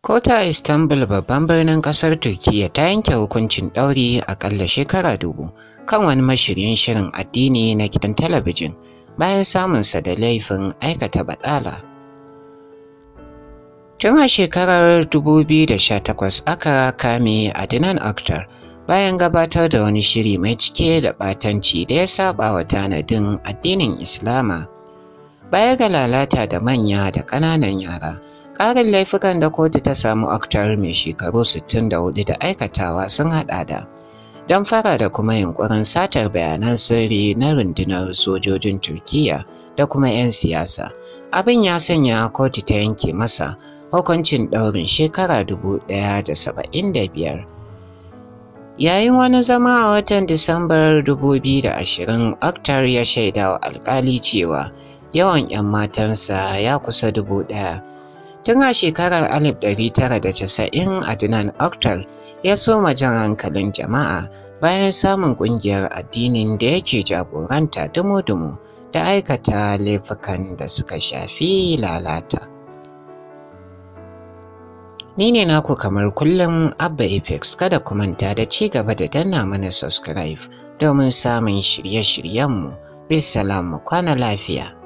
Kota Istanbul babban birnin kasar Turkiyya ta yanke hukuncin ɗauri aƙalla shekara dubu kan wani mashirin shirin addini na gidan talabijin bayan samunsa da laifin aikata baɗala. Tun a shekarar 2018 aka kame Adnan Akhtar bayan gabatar da wani shiri mai cike da ɓatanci da ya saba wa tanadin addinin Islama. Baya ga lalata da manya da ƙananan yara. Ƙarin laifukan da kotu ta samu Oktar mai shekaru 64 da aikatawa sun haɗa da don fara da kuma yunkurin satar bayanan sirri na rundunar sojojin Turkiyya da kuma 'yan siyasa. Abin ya sanya kotu ta yanke masa hukuncin ɗaurin shekara 1,075. Yayin wani zama a watan Disambar 2020, Oktar ya shaida wa alkali cewa yawan 'yan matansa ya kusa dubu ɗaya. Tun a shekarar 1990 Adnan Oktar ya soma jan hankalin jama'a bayan samun ƙungiyar addinin da yake jagoranta dumu-dumu da aikata laifukan da suka shafi lalata. Ni ne naku kamar kullum Abba Apex kada ku manta da ci gaba da danna mana subscribe domin samun shirye-shiryenmu. Bisalamu kwana lafiya.